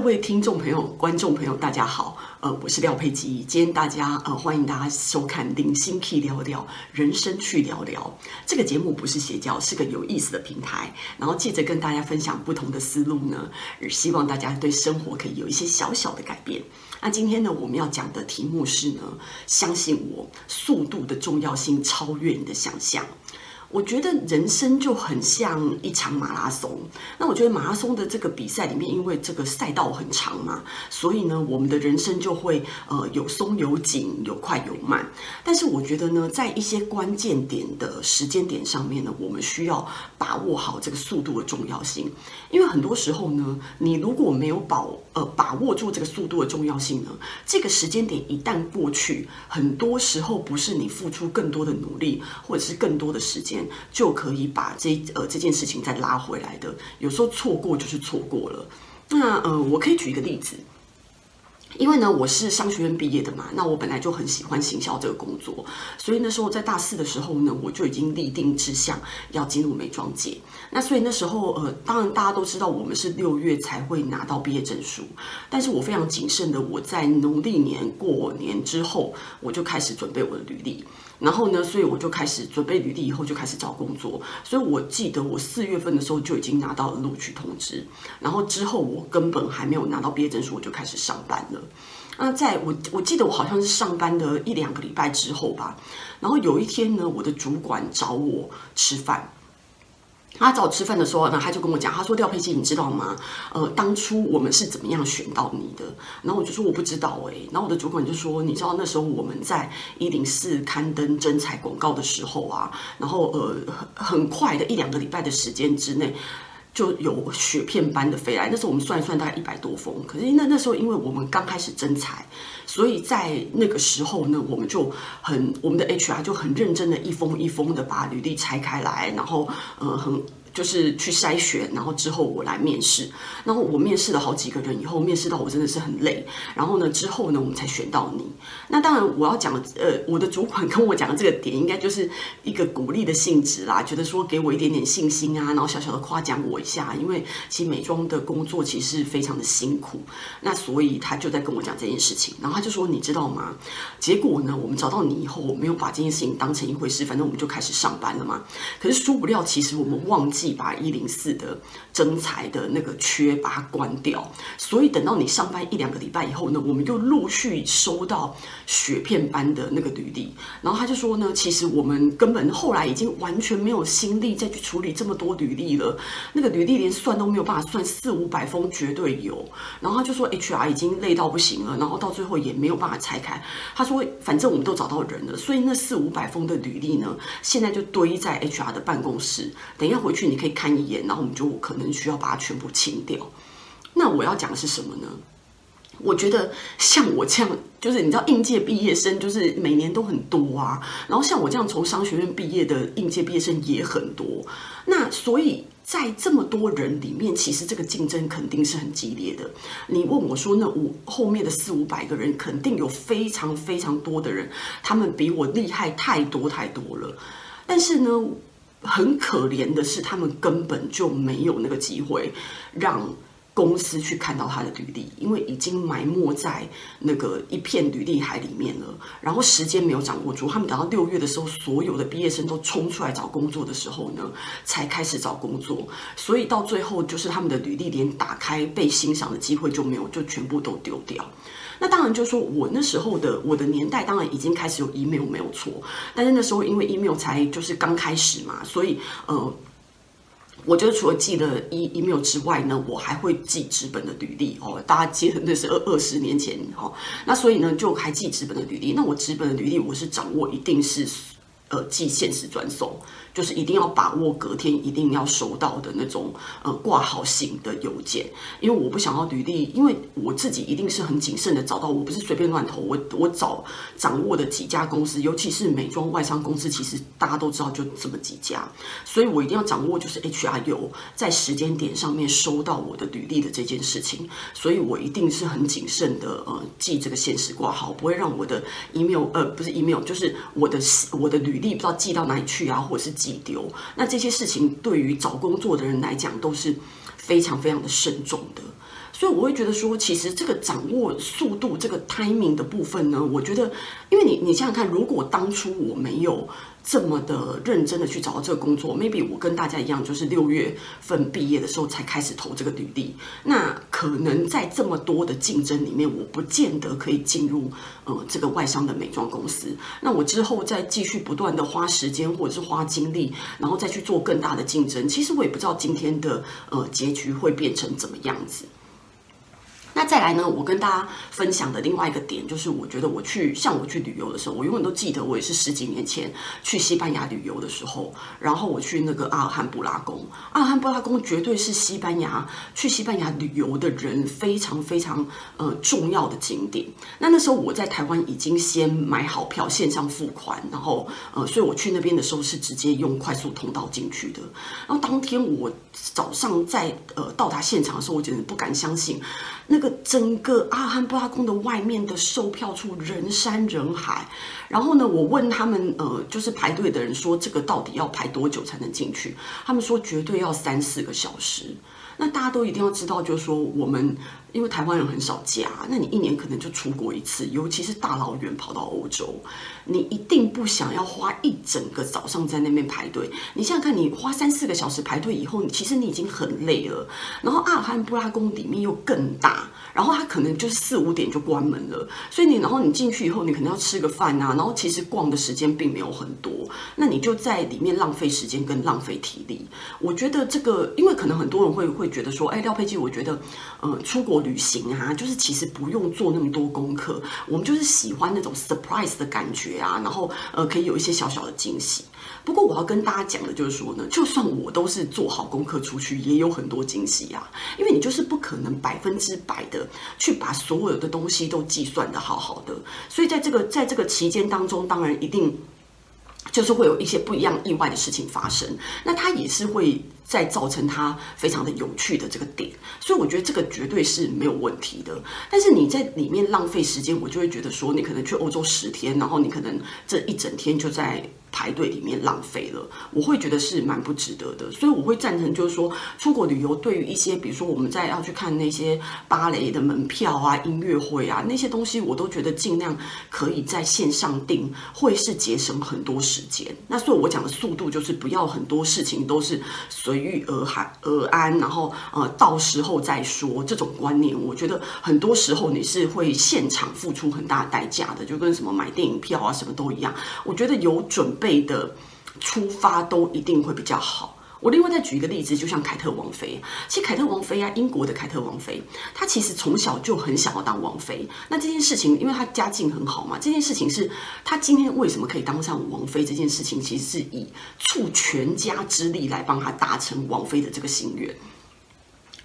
各位聽眾朋友、觀眾朋友，大家好，呃，我是廖佩琪。今天大家呃，歡迎大家收看《零星 K 聊聊人生去聊聊》這個節目，不是邪教，是個有意思的平台。然後記着跟大家分享不同的思路呢，也希望大家對生活可以有一些小小的改變。那今天呢，我們要講的題目是呢，相信我，速度的重要性超越你的想象。我覺得人生就很像一場馬拉松。那我覺得馬拉松的這個比賽裡面，因為這個賽道很長嘛，所以呢，我們的人生就會呃有鬆有緊，有快有慢。但是我覺得呢，在一些關鍵點的時間點上面呢，我們需要把握好這個速度的重要性。因為很多時候呢，你如果沒有保呃把握住這個速度的重要性呢，這個時間點一旦過去，很多時候不是你付出更多的努力，或者是更多的時間。就可以把這呃這件事情再拉回來的。有時候錯過就是錯過了。那呃，我可以舉一個例子，因為呢，我是商學院畢業的嘛，那我本來就很喜歡行銷這個工作，所以那時候在大四的時候呢，我就已經立定志向要進入美妝界。那所以那時候呃，當然大家都知道我們是六月才會拿到畢業證書，但是我非常謹慎的，我在農曆年過年之後，我就開始準備我的履歷。然後呢，所以我就開始準備履歷，以後就開始找工作。所以我記得我四月份的時候就已經拿到了錄取通知，然後之後我根本還沒有拿到畢業證書，我就開始上班了。那在我我記得我好像是上班的一兩個禮拜之後吧，然後有一天呢，我的主管找我吃飯。他找我吃飯的時候呢，然後他就跟我講，他說廖佩琪，你知道嗎？呃，當初我們是怎麼樣選到你的？然後我就說我不知道誒、欸。然後我的主管就說，你知道那時候我們在一零四刊登徵才廣告的時候啊，然後呃，很快的一兩個禮拜的時間之內，就有雪片般的飛來。那時候我們算一算，大概一百多封。可是那那時候因為我們剛開始徵才，所以在那個時候呢，我們就很我們的 HR 就很認真的一封一封的把履歷拆開來，然後呃很。就是去篩選，然後之後我來面試，然後我面試了好幾個人以後，面試到我真的是很累。然後呢，之後呢，我們才選到你。那當然，我要講的呃，我的主管跟我講的這個點，應該就是一個鼓勵的性質啦，覺得說給我一點點信心啊，然後小小的誇獎我一下。因為其實美妝的工作其實非常的辛苦，那所以他就在跟我講這件事情。然後他就說，你知道嗎？結果呢，我們找到你以後，我沒有把這件事情當成一回事，反正我們就開始上班了嘛。可是殊不料，其實我們忘記。自己把一零四的徵才的那個缺把它關掉，所以等到你上班一兩個禮拜以後呢，我們就陸續收到雪片般的那個履歷。然後他就說呢，其實我們根本後來已經完全沒有心力再去處理這麼多履歷了。那個履歷連算都沒有辦法算，四五百封絕對有。然後他就說，HR 已經累到不行了，然後到最後也沒有辦法拆開。他說，反正我們都找到人了，所以那四五百封的履歷呢，現在就堆在 HR 的辦公室，等一下回去。你可以看一眼，然後我們就可能需要把它全部清掉。那我要講的是什麼呢？我覺得像我這樣，就是你知道，應屆畢業生就是每年都很多啊。然後像我這樣從商學院畢業的應屆畢業生也很多。那所以在這麼多人裡面，其實這個競爭肯定是很激烈的。你問我說那五，那我後面的四五百個人，肯定有非常非常多的人，他們比我厲害太多太多了。但是呢，很可憐的是，他們根本就沒有那個機會讓公司去看到他的履歷，因為已經埋沒在那個一片履歷海裡面了。然後時間沒有掌握住，他們等到六月的時候，所有的畢業生都衝出來找工作的時候呢，才開始找工作。所以到最後，就是他們的履歷連打開被欣賞的機會就沒有，就全部都丟掉。那當然，就是說我那時候的我的年代，當然已經開始有 email 沒有錯，但是那時候因為 email 才就是剛開始嘛，所以呃。我覺得除了寄了 E E-mail 之外呢，我還會寄紙本的履歷哦。大家記得那是二二十年前哦，那所以呢，就還寄紙本的履歷。那我紙本的履歷，我是掌握一定是。呃，寄限時轉送，就是一定要把握隔天一定要收到的那種呃掛號型的郵件，因為我不想要履歷，因為我自己一定是很謹慎的找到，我不是隨便亂投，我我找掌握的幾家公司，尤其是美妝外商公司，其實大家都知道就這麼幾家，所以我一定要掌握就是 HR 有在時間點上面收到我的履歷的這件事情，所以我一定是很謹慎的呃寄這個限時掛號，不會讓我的 email 呃不是 email，就是我的我的履。履歷不知道寄到哪裡去啊，或者是寄丟，那這些事情對於找工作的人來講，都是非常非常的慎重的。所以我會覺得說，其實這個掌握速度，這個 timing 的部分呢，我覺得，因為你你想想看，如果當初我沒有這麼的認真的去找到這個工作，maybe 我跟大家一樣，就是六月份畢業的時候才開始投這個履歷，那可能在這麼多的競爭裡面，我不見得可以進入呃這個外商的美妝公司。那我之後再繼續不斷的花時間或者是花精力，然後再去做更大的競爭，其實我也不知道今天的呃結局會變成怎麼樣子。那再來呢，我跟大家分享的另外一個點，就是我覺得我去像我去旅遊的時候，我永遠都記得，我也是十幾年前去西班牙旅遊的時候，然後我去那個阿爾罕布拉宮。阿爾罕布拉宮絕對是西班牙去西班牙旅遊的人非常非常呃重要的景點。那那時候我在台灣已經先買好票，線上付款，然後呃，所以我去那邊的時候是直接用快速通道進去的。然後當天我早上在呃到達現場的時候，我簡直不敢相信那個。整個阿罕布拉宮的外面的售票處人山人海，然後呢，我問他們，呃，就是排隊的人說，這個到底要排多久才能進去？他們說，絕對要三四個小時。那大家都一定要知道，就是說我們，因為台灣人很少假，那你一年可能就出國一次，尤其是大老遠跑到歐洲，你一定不想要花一整個早上在那邊排隊。你想想看，你花三四個小時排隊以後你，其實你已經很累了。然後阿爾罕布拉宮裡面又更大，然後它可能就四五點就關門了，所以你然後你進去以後，你可能要吃個飯啊，然後其實逛的時間並沒有很多，那你就在裡面浪費時間跟浪費體力。我覺得這個，因為可能很多人會會。我覺得說，哎，廖佩奇，我覺得，嗯、呃，出國旅行啊，就是其實不用做那麼多功課，我們就是喜歡那種 surprise 的感覺啊，然後，呃，可以有一些小小的驚喜。不過，我要跟大家講的就是說呢，就算我都是做好功課出去，也有很多驚喜啊，因為你就是不可能百分之百的去把所有的東西都計算得好好的，所以在這個在這個期間當中，當然一定就是會有一些不一樣意外的事情發生，那他也是會。在造成它非常的有趣的這個點，所以我覺得這個絕對是沒有問題的。但是你在裡面浪費時間，我就會覺得說你可能去歐洲十天，然後你可能這一整天就在排隊裡面浪費了，我會覺得是蠻不值得的。所以我會贊成，就是說出國旅遊對於一些，比如說我們在要去看那些芭蕾的門票啊、音樂會啊那些東西，我都覺得儘量可以在線上訂，會是節省很多時間。那所以我講的速度就是不要很多事情都是隨。遇而還而安，然後呃，到時候再說這種觀念，我覺得很多時候你是會現場付出很大代價的，就跟什麼買電影票啊什麼都一樣。我覺得有準備的出發都一定會比較好。我另外再舉一個例子，就像凱特王妃，其實凱特王妃啊，英國的凱特王妃，她其實從小就很想要當王妃。那這件事情，因為她家境很好嘛，這件事情是她今天為什麼可以當上王妃？這件事情其實是以盡全家之力來幫她達成王妃的這個心願。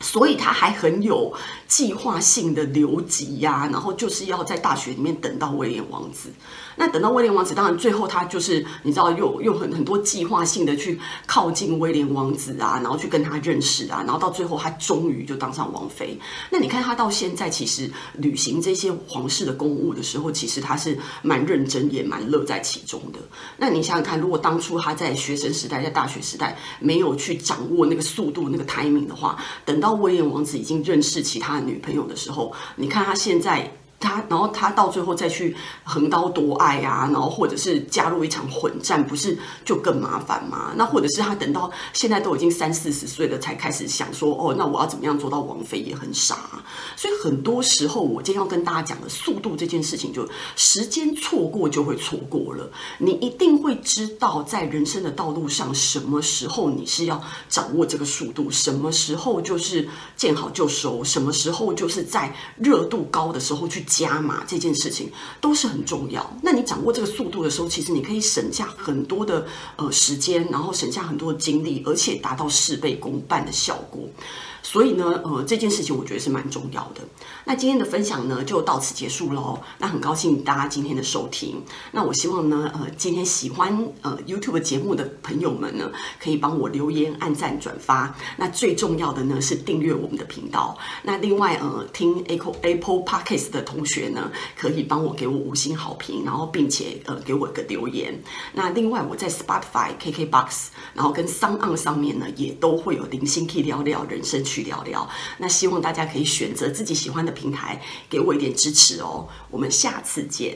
所以他還很有計劃性的留級呀、啊，然後就是要在大學裡面等到威廉王子。那等到威廉王子，當然最後他就是你知道，又有又很很多計劃性的去靠近威廉王子啊，然後去跟他認識啊，然後到最後他終於就當上王妃。那你看他到現在其實履行這些皇室的公務的時候，其實他是蠻認真也蠻樂在其中的。那你想想看，如果當初他在學生時代、在大學時代沒有去掌握那個速度、那個 timing 的話，等到威廉王子已經認識其他女朋友的時候，你看他現在。他，然後他到最後再去橫刀奪愛啊，然後或者是加入一場混戰，不是就更麻煩嗎？那或者是他等到現在都已經三四十歲了，才開始想說，哦，那我要怎麼樣做到王菲也很傻、啊。所以很多時候，我今天要跟大家講的速度這件事情，就時間錯過就會錯過了，你一定會知道在人生的道路上，什麼時候你是要掌握這個速度，什麼時候就是見好就收，什麼時候就是在熱度高的時候去。加碼這件事情都是很重要。那你掌握這個速度的時候，其實你可以省下很多的呃時間，然後省下很多的精力，而且達到事倍功半的效果。所以呢，呃，這件事情我覺得是蠻重要的。那今天的分享呢，就到此結束嘍。那很高興大家今天的收聽。那我希望呢，呃，今天喜歡呃 YouTube 節目的朋友們呢，可以幫我留言、按讚、轉發。那最重要的呢，是訂閱我們的頻道。那另外，呃，聽 Apple Apple Podcast 的同學呢，可以幫我給我五星好評，然後並且呃給我一個留言。那另外，我在 Spotify、KKBox，然後跟 SoundOn 上面呢，也都會有零星可以聊聊人生，去聊聊，那希望大家可以選擇自己喜歡的平台，給我一點支持哦。我們下次見。